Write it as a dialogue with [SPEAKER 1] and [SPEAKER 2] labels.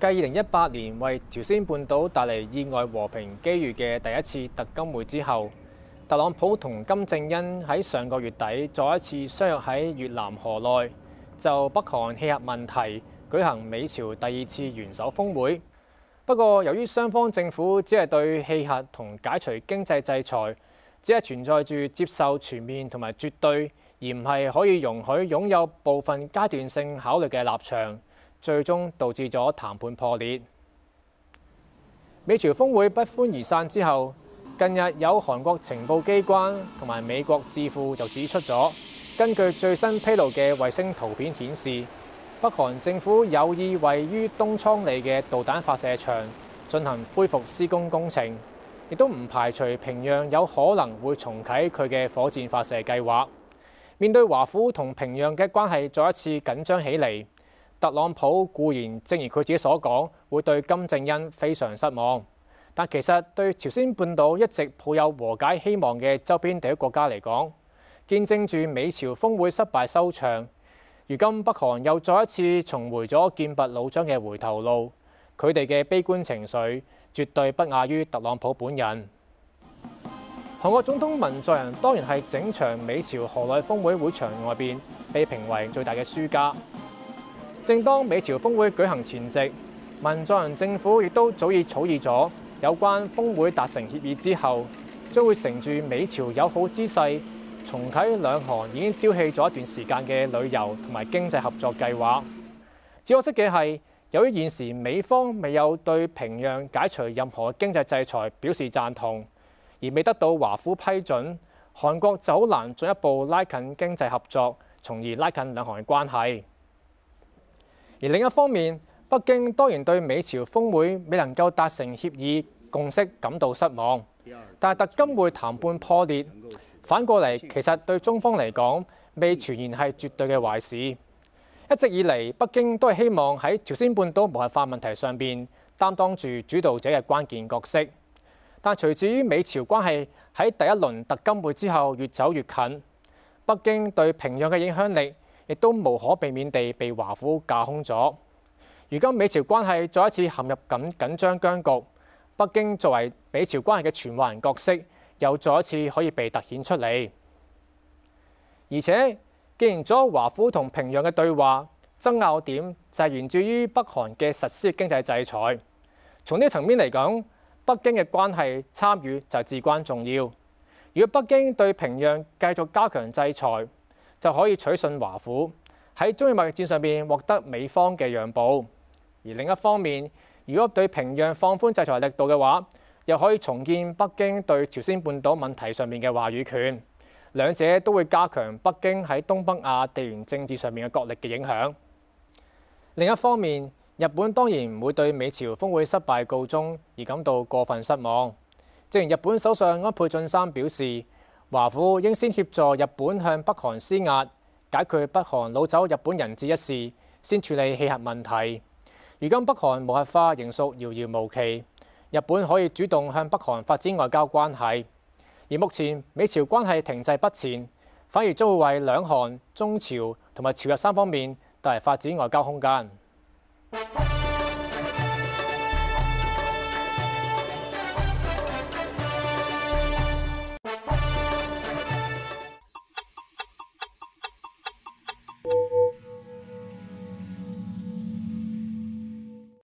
[SPEAKER 1] 繼二零一八年為朝鮮半島帶嚟意外和平機遇嘅第一次特金會之後，特朗普同金正恩喺上個月底再一次相約喺越南河內就北韓棄核問題舉行美朝第二次元首峰會。不過，由於雙方政府只係對棄核同解除經濟制裁只係存在住接受全面同埋絕對，而唔係可以容許擁有部分階段性考慮嘅立場。最終導致咗談判破裂。美朝峰會不歡而散之後，近日有韓國情報機關同埋美國智庫就指出咗，根據最新披露嘅衛星圖片顯示，北韓政府有意位於東倉里嘅導彈發射場進行恢復施工工程，亦都唔排除平壤有可能會重啟佢嘅火箭發射計劃。面對華府同平壤嘅關係再一次緊張起嚟。特朗普固然正如佢自己所講，會對金正恩非常失望，但其實對朝鮮半島一直抱有和解希望嘅周邊地區國家嚟講，見證住美朝峰會失敗收場，如今北韓又再一次重回咗劍拔弩張嘅回頭路，佢哋嘅悲觀情緒絕對不亞於特朗普本人。韓國總統文在寅當然係整場美朝河內峰會會場外邊被評為最大嘅輸家。正當美朝峰會舉行前夕，文在寅政府亦都早已草擬咗有關峰會達成協議之後，將會乘住美朝友好姿勢，重啟兩韓已經丟棄咗一段時間嘅旅遊同埋經濟合作計劃。只可惜嘅係，由於現時美方未有對平壤解除任何經濟制裁表示贊同，而未得到華府批准，韓國就好難進一步拉近經濟合作，從而拉近兩韓嘅關係。而另一方面，北京當然對美朝峰會未能夠達成協議共識感到失望，但係特金會談判破裂，反過嚟其實對中方嚟講未全然係絕對嘅壞事。一直以嚟，北京都係希望喺朝鮮半島無核化問題上面擔當住主導者嘅關鍵角色，但隨住美朝關係喺第一輪特金會之後越走越近，北京對平壤嘅影響力，亦都無可避免地被華府架空咗。如今美朝關係再一次陷入緊緊張僵局，北京作為美朝關係嘅傳話人角色，又再一次可以被突顯出嚟。而且，既然咗華府同平壤嘅對話，爭拗點就係源自於北韓嘅實施經濟制裁，從呢個層面嚟講，北京嘅關係參與就至關重要。如果北京對平壤繼續加強制裁，就可以取信華府，喺中越貿易戰上面獲得美方嘅讓步；而另一方面，如果對平壤放寬制裁的力度嘅話，又可以重建北京對朝鮮半島問題上面嘅話語權。兩者都會加強北京喺東北亞地緣政治上面嘅角力嘅影響。另一方面，日本當然唔會對美朝峰會失敗告終而感到過分失望。正如日本首相安倍晉三表示。華府應先協助日本向北韓施壓，解決北韓擄走日本人質一事，先處理棄核問題。如今北韓無核化仍屬遙遙無期，日本可以主動向北韓發展外交關係。而目前美朝關係停滯不前，反而將會為兩韓、中朝同埋朝日三方面帶來發展外交空間。